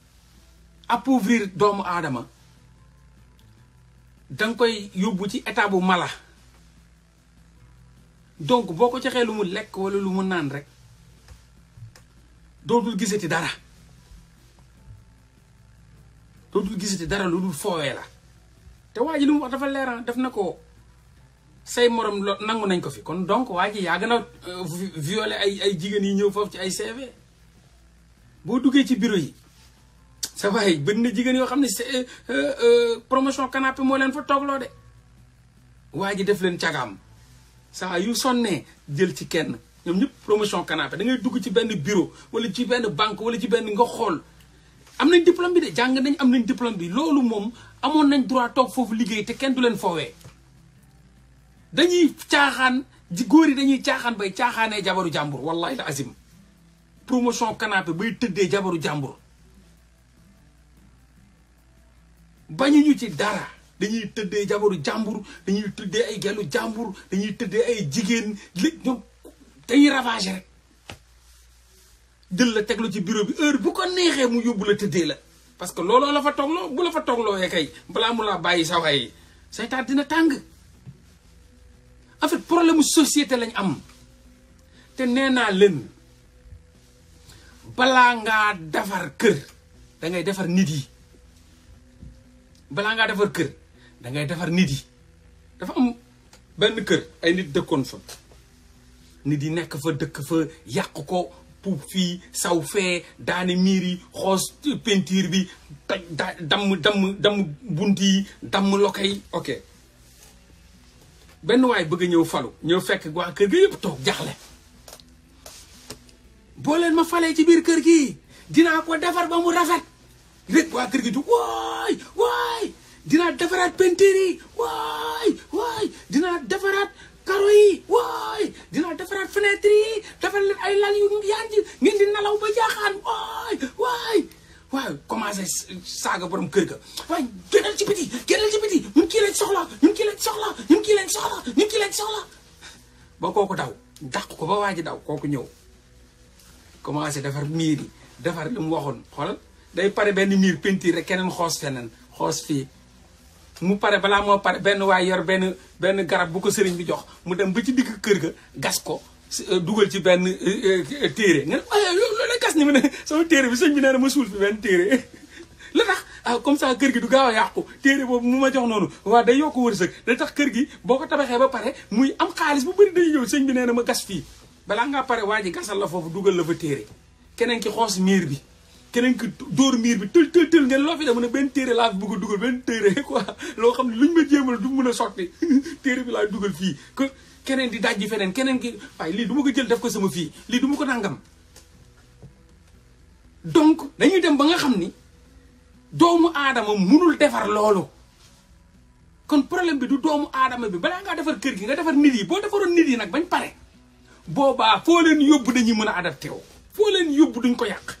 S1: appauvrir doomu aadama danga koy yóbbu ci état bu mala donc boo ko joxee lu mu lekk walla lu mu naan rek dootul gisati dara dootul gisati dara lu dul foowee la te waa ji lu mu dafa leeral def na ko say morom lo nangu nañ ko fi kon donc waa ji yaa gën a euh, violer ay jigéen yi ñëw foofu ci ay CV boo duggee ci bureau yi sa waaye bëri na jigéen yoo xam ne euh, euh, euh, promotion canapé moo leen fa toogloo de waa ji def leen cagaam saa yu sonnee jël ci kenn ñoom ñëpp promotion canapé da ngay dugg ci benn bureau wala ci benn banque wala ci benn nga xool am nañ diplôme bi de jàng nañ am nañ diplôme bi loolu moom amoon nañ droit toog foofu liggéey te kenn du leen foowee dañuy caaxaan ji góor yi dañuy caaxaan bay caaxaanee jabaru jàmbur wallahi la azim promotion canapé bay tëddee jabaru jàmbur bañuñu ci dara dañuy tëddee jabaru jàmbur dañuy tëddee ay gelu jàmbur dañuy tëddee ay jigéen léegi ñoom dañuy ravager rek jël la teglu ci bureau bi heure bu ko neexee mu yóbbu la tëddee la parce que looloo la fa toogloo bu la fa kay balaa mu laa bàyyi sa waay seytaan dina tàng en fait problème mu société lañ am te nee naa leen balaa ngaa defar kër da ngay defar nit yi balaa ngaa defar kër dangay defar nit yi dafa am benn kër ay nit dëkkoon fa nit yi nekk fa dëkk fa yàq ko puub saw fee daane miir yi xoos peinture bi taj damm damm damm bunt yi damm loke yi ok benn waay bëgg a ñëw falu ñëw fekk waa kër gi yëpp toog jaxle boo ma falee ci biir kër gi dinaa ko defar ba mu rafet rek waa kër gitu woi woi dina dinaa pentiri woi woi dina waay dinaa woi dina yi fenetri dinaa defaraat fenêtre yi ay lal yu yanji ngeen di nalaw ba jaaxaan woi woi waaw commencé saga borom kër ga waaye génnal ci biti génnal ci biti ñun kii lañ soxla ñun kii lañ soxla ñun kii lañ soxla ñun kii lañ soxla ba kooku daw ko ba waa daw kooku ñëw commencé defar defar day pare benn miir peinture rek keneen xoos feneen xoos fii mu pare balaa moo pare benn waay yor benn benn garab bu ko sëriñ bi jox mu dem ba ci digg kër ga gas ko euh, dugal ci benn euh, euh, téere nga ne waaye loolu mu ne sama téere bi sëñ bi nee na ma suul téere la tax ah comme ça kër gi du gaaw a yàqu téere boobu mu ma jox noonu waaw day yokk wërsëg day tax kër gi boo ko tabaxee ba pare muy am xaalis bu bëri day ñëw sëñ bi nee na ma gas fii balaa ngaa pare waa ji gasal la foofu dugal la fa téere keneen ki xoos miir bi keneen ki dóor miir bi tël tël tël ngeen loo fi def mu ne benn téere laa fi bëgg a dugal benn téere loo xam ne luñ ma jéemal du mën a sotti téere bi laa dugal fii que keneen di dajji feneen keneen ki waaye lii du ma ko jël def ko sama fii lii du ma ko nangam donc dañuy dem ba nga xam ni doomu aadama munul defar loolu kon problème bi du doomu aadama bi balaa nga defar kër gi nga defar nit yi boo defaroon nit yi nag bañ pare boobaa foo leen yóbbu dañuy mën a adapté wu foo leen yóbbu duñ ko yàq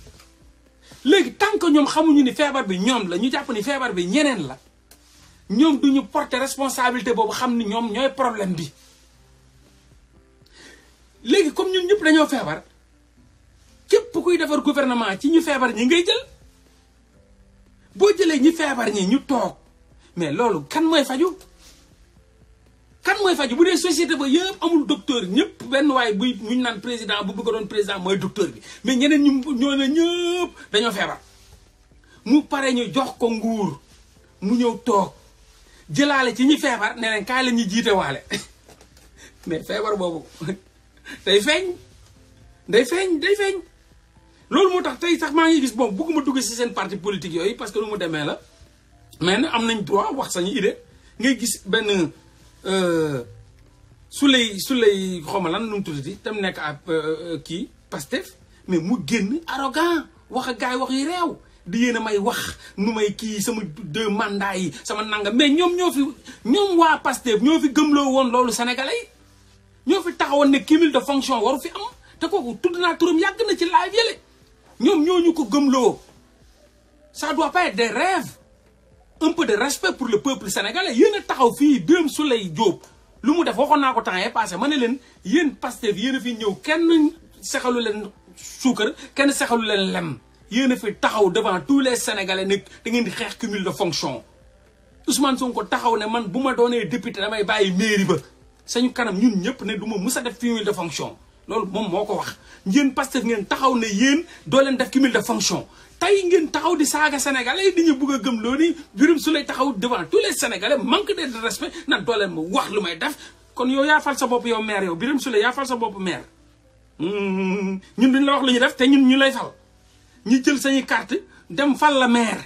S1: léegi tant que ñoom xamuñu ni feebar bi ñoom la ñu jàpp ni feebar bi ñeneen la ñoom du ñu porter responsabilité boobu xam ni ñoom ñooy problème bi léegi comme ñun ñëpp dañoo feebar képp kuy defar gouvernement ci ñu feebar ñi ngay jël boo jëlee ñi feebar ñi ñu toog mais loolu kan mooy faju kan mooy faju bu dee société ba yëpp amul docteur ñëpp benn waaye buy muñ naan président bu bëgg a doon président mooy docteur bi mais ñeneen ñu ñoo ne ñëpp dañoo feebar mu pare ñu jox ko nguur mu ñëw toog jëlaale ci ñi feebar ne leen ñuy jiite waale mais feebar boobu day feeñ day feeñ day feeñ loolu moo tax tey sax maa ngi gis bon bëgguma dugg si seen parti politique yooyu parce que lu mu demee la mais am nañ droit wax sañu idée ngay gis benn Euh, su lay su lay xaw ma lan nu mu tuddati tam nekk ab euh, euh, kii Pastef mais mu génn arrogant wax wax yi réew di yéen a may wax nu may kii sama deux mandats yi sama nangam mais ñoom ñoo fi ñoom waa Pastef ñoo fi gëmloo woon loolu sénégalais yi ñoo fi taxawoon ne cumul de fonction waru fi am te kooku tudd naa turam yàgg na ci live yële ñoom ñoo ñu ko gëmloo sa doit pas être des un peu de respect pour le peuple sénégalais taxaw fi vie Diop Lumu def waxon nako temps passé fi ñew kenn len kenn len lem fi devant tous les sénégalais qui da di cumul de fonction Ousmane Sonko taxaw ne man buma ma député damay mairie ba sañu kanam ñun ne def de fonction mom moko wax ne def cumul de fonction tay ngeen taxaw di saga sénégalais di ñu bëgg gëm lo ni birum su lay taxaw devant tous les sénégalais manque de respect na doo leen ma wax lu may def kon yow ya fal sa bop yow maire yow birum su lay ya fal sa bop maire mm-hmm. ñun duñ la wax lu ñu def te ñun ñu lay fal ñu jël sañu carte dem fal la maire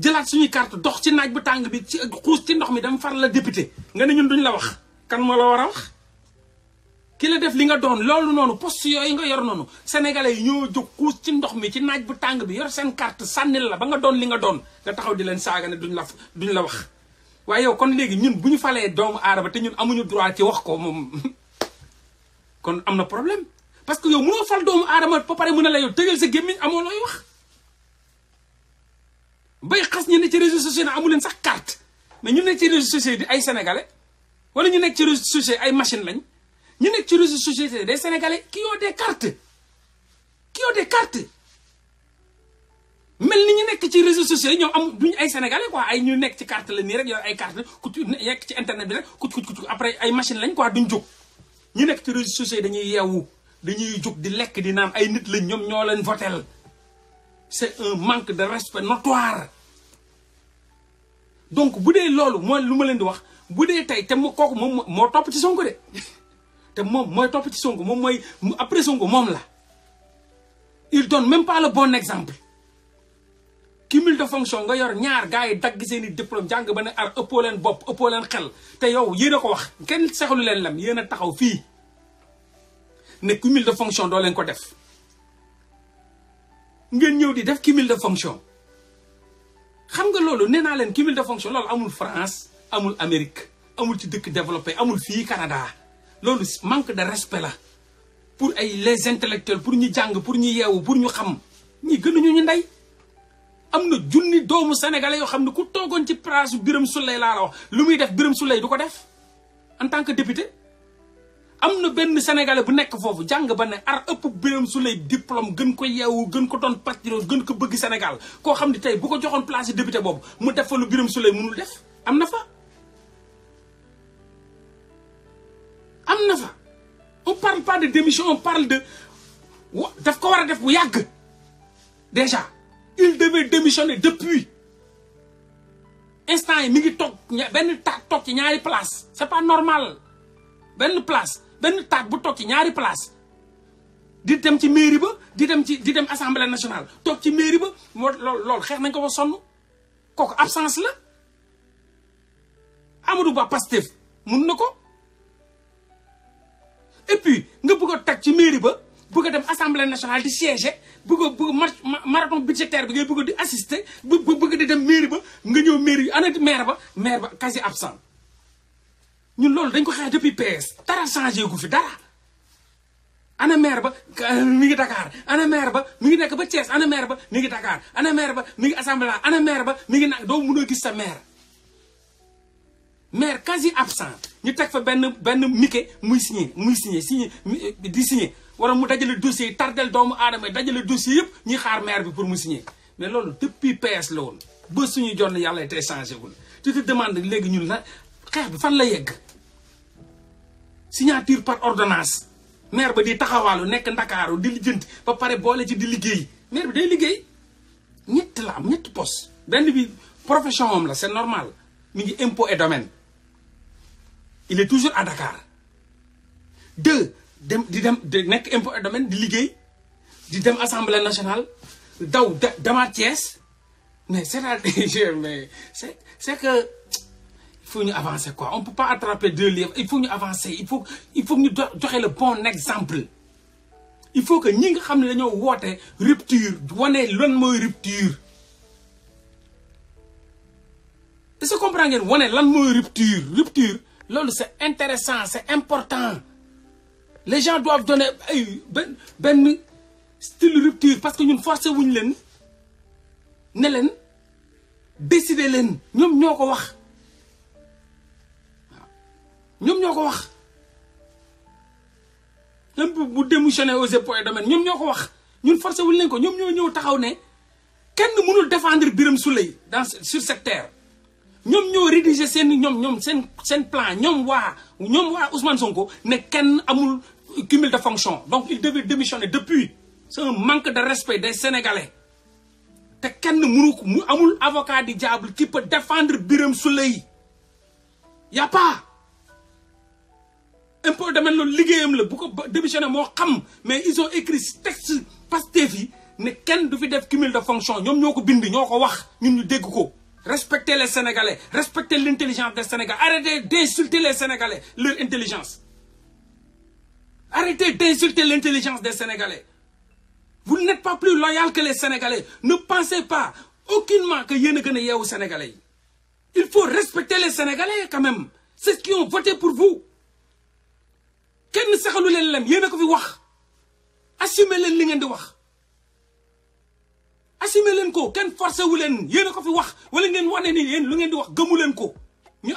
S1: jëlat suñu carte dox ci naaj bu tang bi ci xuus ci ndox mi dem far la député nga ne ñun duñ la wax kan mo la wara wax ki la def li nga doon loolu noonu poste yooyu nga yor noonu sénégalais yi ñoo jóg kuus ci ndox mi ci naaj bu tàng bi yor seen carte sànnil la ba nga doon li nga doon nga taxaw di leen saaga ne duñ la duñ la wax. waaye yow kon léegi ñun bu ñu falee doomu aadama te ñun amuñu droit ci wax ko moom kon am na problème parce que yow mënoo fal doomu aadama ba pare mun a la yow tëgal sa gémmiñ amoo looy wax. ba xas ñu ne ci réseaux sociaux na amu leen sax carte mais ñu nekk ci réseaux sociaux di ay sénégalais wala ñu nekk ci réseaux sociaux lañ. Nous sommes ci réseaux des sénégalais qui ont des cartes qui ont des cartes Mais nous sommes réseaux sociaux nous sommes am sénégalais quoi ay ñu ci cartes après les machine lañ quoi duñ cartes, ñu cartes, Nous sommes des dañuy cartes, dañuy cartes, c'est un manque de respect notoire donc vous vous avez cartes, leen di wax après il donne même pas le bon exemple cumul de fonction nga yor ñaar gaay dagg diplôme jang ba na ar des xel te yow wax cumul de fonction do len ko def ngeen di def de fonction xam nga len de fonction lolu amul France amul Amérique amul ci dëkk amul Canada loolu manque de respect la pour ay les intellectuels pour ñi jang pour ñi yew pour ñu xam ñi gënu ñu ndey am na junni doomu sénégalais yo xamni ku togon ci place Birame soulay la la wax lu muy def Birame soulay duko def en tant que député amna benn sénégalais bu nek fofu jang ba ne ar ëpp birum soulay diplôme gën ko yew gën ko don patriote gën ko bëgg Sénégal ko xamni tay bu ko joxone place député bobu mu def lu mënul def amna fa am on parle pas de démission on parle de wa daf ko war def bu déjà il devait démissionner depuis instant yi mi ngi toog benn taat toog ci ñaari place c'est pas normal Ben place ben taat bu tok ci ñaari place di dem ci mairie ba di dem ci di dem assemblée nationale Tok ci mairie ba lool xex nañ ko ba sonn kooku absence la Amadou Ba Pastef mën nako? et puis nga bëgg a ci mairie ba bëgg dem assemblée nationale di siéger bëgg bëgg marathon budgétaire bi ngay bëgg di assister bëgg di dem mairie ba nga ñëw mairie ana maire ba maire ba quasi absent ñun loolu dañ ko xeex depuis PS dara changé gu fi dara ana maire ba mi ngi Dakar ana maire ba mi ngi nek ba Thiès ana maire ba mi ngi Dakar ana maire ba mi ngi assemblée ana maire ba mi ngi do mëno gis sa maire maire quasi absent ñu teg fa benn benn mike muy signé muy signé signé di signé wala mu dajale dossier yi tardel doomu aadama yi dajale dossier yëpp ñuy xaar maire bi pour mu signé mais loolu depuis PS la woon ba suñu jonn yàlla tey changé wul tu te demande léegi ñun la xeex bi fan la yegg signature par ordinance maire ba di taxawaalu nekk ndakaaru di lijjanti ba pare boole ci di liggéey maire bi day liggéey ñett la am ñetti poste benn bi profession moom la c'est normal mi ngi impôt et il est toujours à Dakar deux il de, de, di nekk impôt Il domaine de liggéey di dem assemblée nationale daw dama Thiès mais c'est la mais c'est que il faut nous avancer quoi on peut pas attraper deux livres il faut nous avancer il faut il faut nous joxe le bon exemple il faut que ñi nga que nous dañoo woote rupture wane lan mooy rupture est-ce que comprendre ngeen est lan mooy rupture rupture c'est intéressant c'est important les gens doivent donner un ben, ben style rupture parce que nous ne décider pas ñom ñoko wax aux Nous wax ñun dans sur secteur ñom ñoo rédiger seen ñom ñom seen seen plan ñom wa ñom Ousmane Zongo. ne kenn amul cumul de fonction donc il devait démissionner depuis c'est un manque de respect des Sénégalais Il n'y mënu ko amul avocat du diable qui peut défendre Soleil. il y a pas impôt de loolu pas la bu ko démissionner mais ils ont écrit texte parce que ne kenn du fi def cumul de fonction ñom ñoko bind ñoko wax ñun ñu Respectez les Sénégalais. Respectez l'intelligence des Sénégalais. Arrêtez d'insulter les Sénégalais, leur intelligence. Arrêtez d'insulter l'intelligence des Sénégalais. Vous n'êtes pas plus loyal que les Sénégalais. Ne pensez pas aucunement que vous ne aux Sénégalais. Il faut respecter les Sénégalais quand même. C'est ce qui ont voté pour vous. Assumez les lignes de Assimilenko, ko fi wax wala ngeen lu ngeen di wax ko ñu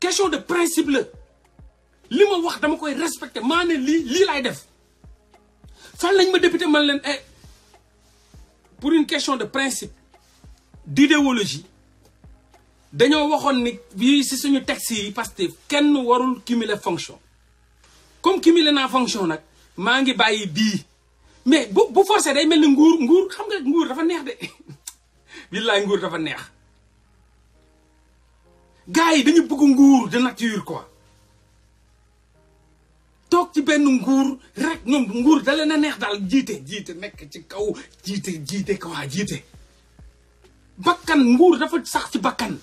S1: question de principe li ma wax dama koy respecter mané li li def lañ ma député man eh, pour une question de principe d'idéologie dañoo waxoon ni bii si suñu texte yi Pastef kenn warul cumuler fonction comme cumuler naa fonction nag maa ngi bàyyi bii mais bu bu forcé day mel ni nguur nguur xam nga nguur dafa neex de billaay nguur dafa neex gars yi dañu bëgg nguur de nature quoi toog ci benn nguur rek ñoom nguur da a neex daal jiite jiite nekk ci kaw jiite jiite quoi jiite bakkan nguur dafa sax ci bakkan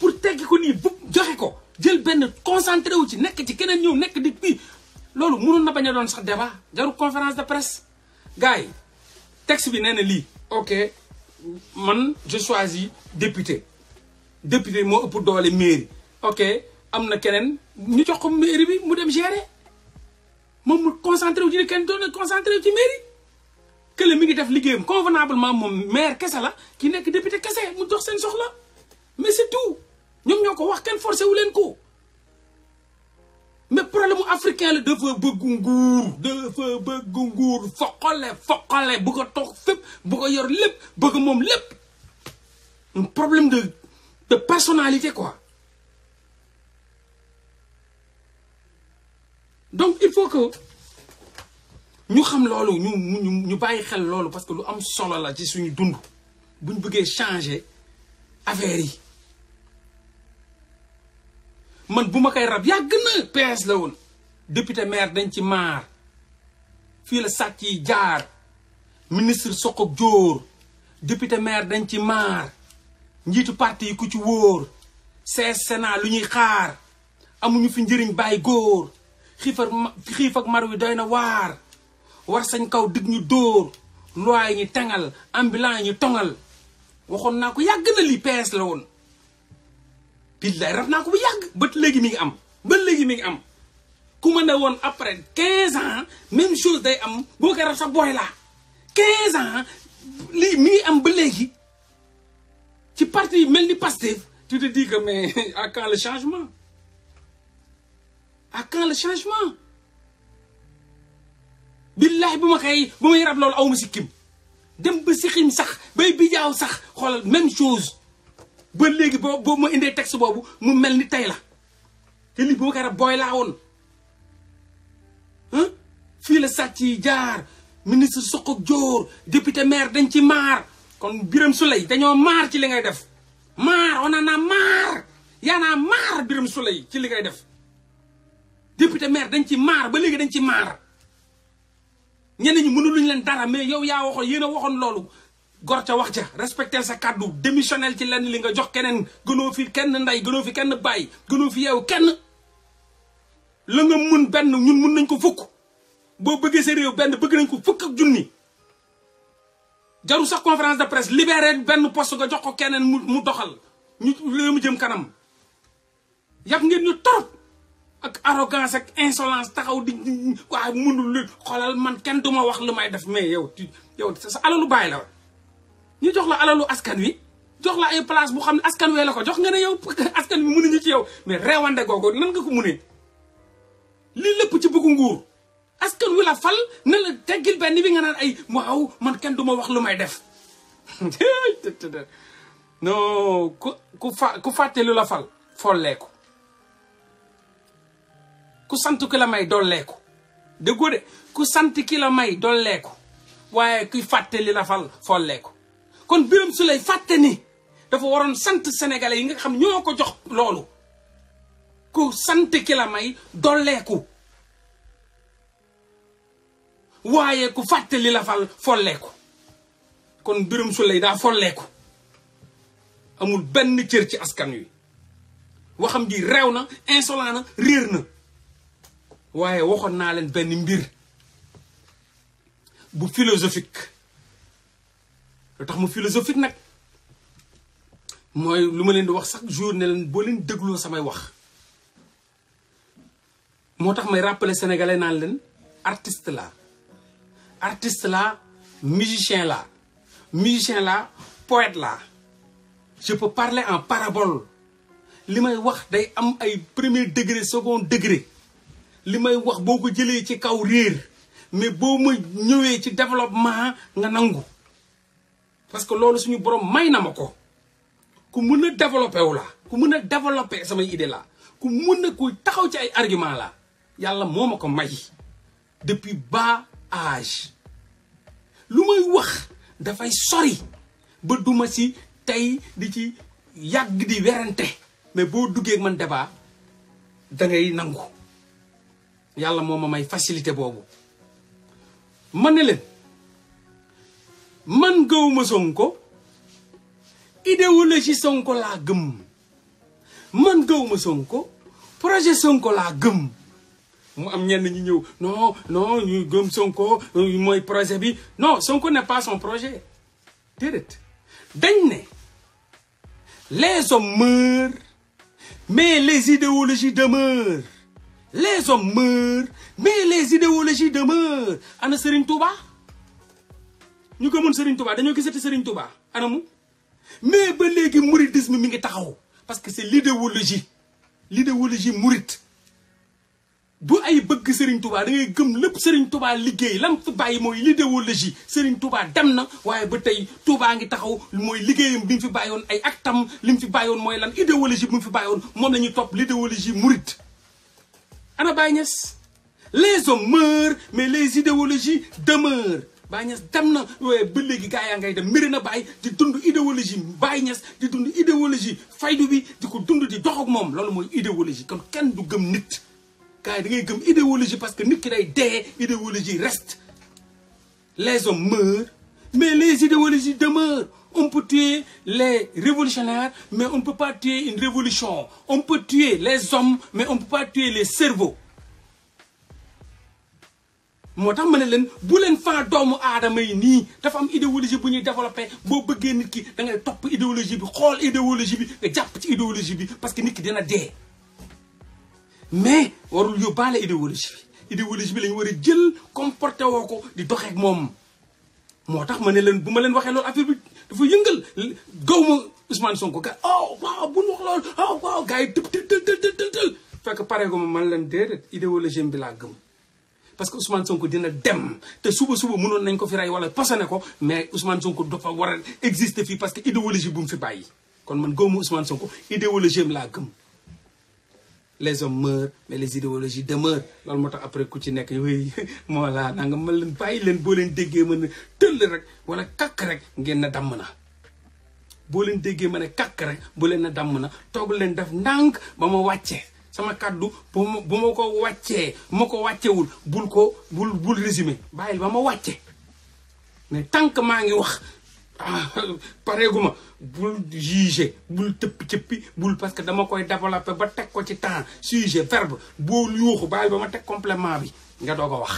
S1: pour te ko ni bu concentré wu ci na sax débat conférence de presse gars texte bi ok man je choisis député député pour ëpp doole mairie ok amna na jox ko mairie bi mu dem gérer concentré concentré ci mairie Que mi ngi def convenablement maire député mu soxla mais c'est tout ñoom ñoko wax ken forcé wu len ko mais problème mu africain la dafa bëgg nguur dafa bëgg nguur foqale foqale bu ko tok fépp bu ko yor lepp bëgg mom lepp un problème de de personnalité quoi donc il faut que ñu xam lolu ñu ñu ñu bàyyi xel lolu parce que lu am solo la ci suñu dund bu ñu changer affaire yi. man bu ma koy rab yàgg na PS la woon député maire dañ ci maar fii la sàcc yi jaar ministre soqog jóor député maire dañ ci maar njiitu parti yi ku ci wóor CS Sénat lu ñuy xaar amuñu fi njëriñ bàyyi góor xiif mar wi doy na waar war sañ kaw dig ñu dóor loi yi ñu tengal ambulant yi ñu tongal waxoon naa ko yàgg na lii PS la woon billaay raf naa ko bu yàgg ba léegi mi ngi am ba léegi mi ngi am ku ma ne woon après 15 ans même chose day am boo koy raf sax booy laa 15 ans mingi am ba léegi ci parti yi mel ni Pastef tu te dis que mais à quand le changement à quand le changement billaay bu ma koy bu may rab loolu aw ma si dem ba si xim sax bay bijaaw sax xoolal même chose ba léegi boo boobu ma indee texte boobu mu mel ni tey la te lii boo ko booy laa woon fii la sàcc yi jaar ministre Sokog Dior député maire dañ ci maar kon Birame Souleye dañoo maar ci li ngay def maar on en a maar yaanaa maar Birame Souleye ci li ngay def député maire dañ ci maar ba léegi dañ ci maar ñenn ñi mënu luñ leen dara mais yow yaa waxoon yéen a waxoon loolu gor ca wax ja respecter sa cadeau démissionnel ci lenn li nga jox kenen gëno fi kenn nday gëno fi kenn bay gëno fi yow kenn la nga mën ben ñun mën nañ ko fukk bo bëggee sé réew ben bëgg nañ ko fukk ak junni jaru sax conférence de presse libéré ben poste nga jox ko kenen mu doxal ñu réew mu jëm kanam yàpp ngeen ñu torop ak arrogance ak insolence taxaw di wa mënul xolal man kenn duma wax lu may def mais yow yow sa alalu bay la ñu jox la alalu askan wi jox la ay place bu xam ne askan wee la ko jox nga ne yow askan wi mu mënuñu ci yow mais reewande googu nan nga ko mënee lii lépp ci bëggu nguur askan wi la fal na la teggil benn bi nga naan ay waaw man kenn du ma wax lu may def non ku ku fàtte lu la fal folleeku ku sant ki la may dolleeku déggoo de ku sant ki la may dolleeku waaye kuy fàtte li la fal folleeku kon Birame Souleye fàtte ni dafa waroon sant sénégalais yi nga xam ñoo ko jox loolu ku sant ki la may dolleeku waaye ku fàtte li la fal folleeku kon Birame Souleye daa folleeku amul benn cër ci askan wi waxam ji réew na insolent na réer na waaye waxoon naa leen benn mbir bu philosophique lu tax mu philosophique nag mooy lu ma di wax chaque jour ne len bo len dégloo samay wax motax may rappeler sénégalais nan len artiste la artiste la musicien la musicien la poète la je peux parler en parabole limay wax day am ay premier degré second degré limay wax boo ko ci kaw rire mais bo ma ñëwé ci développement nga nangou parce que loolu suñu borom may na ma ko ku mën a développé wu la ku mën a développé samay idée la ku mun na kuy taxaw ci ay argument la yàlla moo ma ko may depuis bas age lu may wax dafay sori ba duma si tey di ci yàgg di werante mais boo duggee man débat da ngay nangu yàlla moo ma may facilité boobu ma ne leen man gawuma Sonko idéologie Sonko la gëm man gawuma Sonko projet Sonko la gëm mu am ñenn ñi ñew non non ñu gëm Sonko moy projet bi non Sonko n'est pas son projet déedéet dañ né les hommes meurent mais les idéologies demeurent les hommes meurent mais les idéologies demeurent ana Serigne Touba ñu gëmoon Serigne Touba dañoo gisati Serigne Touba anamu mais ba léegi mouridisme mi ngi taxaw parce que c'est l'idéologie l'idéologie mouride bu ay bëgg Serigne Touba da ngay gëm lépp Serigne Touba liggéey lam fi bàyyi mooy l'idéologie Serigne Touba dem na waaye ba tey Touba ngi taxaw mooy liggéeyam bi mu fi bàyyoon ay tam li mu fi bàyyoon mooy lan idéologie mu fi bàyyoon moom la ñuy topp l'idéologie mouride ana Baye Niass les hommes meurent mais les idéologies demeurent Il Niass dem na ba léegi gaa ngay dem mirina bay di dund idéologie Baye di dund idéologie faydu bi di ko dund di dox ak mom loolu moy idéologie kon Ken du gëm nit gaa yi da gëm idéologie parce que nit ki day idéologie reste les hommes meurent mais les idéologies demeurent on peut tuer les révolutionnaires mais on ne peut pas tuer une révolution on peut tuer les hommes mais on ne peut pas tuer les cerveaux moo tax ma ne leen bu leen fan doomu aadama yi nii dafa am idéologie bu ñuy développé boo bëggee nit ki da ngay topp idéologie bi xool idéologie bi nga ci idéologie bi parce que nit ki dina dee mais warul yóbbaale bi idéologie war a jël comporté woo ko di doxeek moom moo tax ma ne leen bu ma leen waxee loolu affaire bi dafa yëngal gaw ma Ousmane Sonko ga oh waaw bu ñu wax loolu oh waaw gars yi tëb tëb tëb tëb fekk pare gu ma man leen déedéet idéologie bi laa gëm parce que Ousmane Sonko dina dem te suba suba mënoon nañ ko fi rey wala posone ko mais Ousmane Sonko dafa war a exister fii parce que idéologie bu mu fi bàyyi kon man gëmu Ousmane Sonko idéologie am laa gëm. les hommes meurent mais les idéologies demeurent loolu moo tax après ku ci nekk yooyu moo laa nanga leen bàyyi leen boo leen déggee mën a tëll rek wala kakk rek ngeen na damm na. boo leen déggee ma ne kakk rek bu leen na dàmm na toog leen def ndànk ba ma wàccee. sama kàddu bu ma bu ma ko wàccee ma ko wàccewul bul ko bul bul résumé bayil bama ma mais tant que maa ngi wax pareegu ma bul juger bul tepp cëppi bul parce que dama koy développer ba tek ko ci temps sujet verbe bul yuxu bayil bama tek complément bi nga dogo wax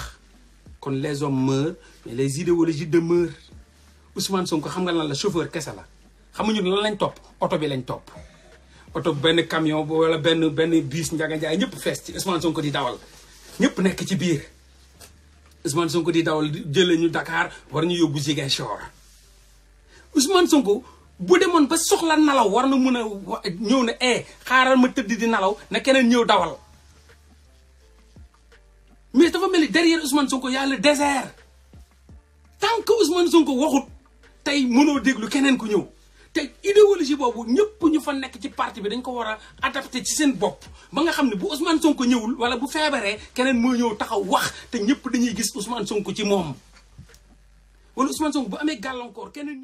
S1: kon les hommes meurent mais les idéologies demeurent Ousmane Sonko xam nga lan la chauffeur kessa la xamuñu lan lañ top auto bi lañ top oto benn camion wala benn benn bus Ndiaga Ndiaye ñëpp fees ci Ousmane Sonko di dawal ñëpp nekk ci biir Ousmane Sonko di dawal jëlee ñu Dakar war ñu yóbbu Ziguinchor Ousmane Sonko bu demoon ba soxla nelaw war na mën a ñëw na eh xaaral ma tëdd di nalaw na keneen ñëw dawal mais dafa mel ni derrière Ousmane Sonko y a le désert Sonko waxut tey mënoo déglu keneen ku ñëw. te idéologie boobu ñëpp ñu fa nekk ci parti bi dañ ko war a adapté ci seen bopp ba nga xam ne bu Ousmane Sonko ñëwul wala bu feebaree keneen moo ñëw taxaw wax te ñëpp dañuy gis Ousmane Sonko ci moom wala Ousmane Sonko bu amee gàllankoor keneen.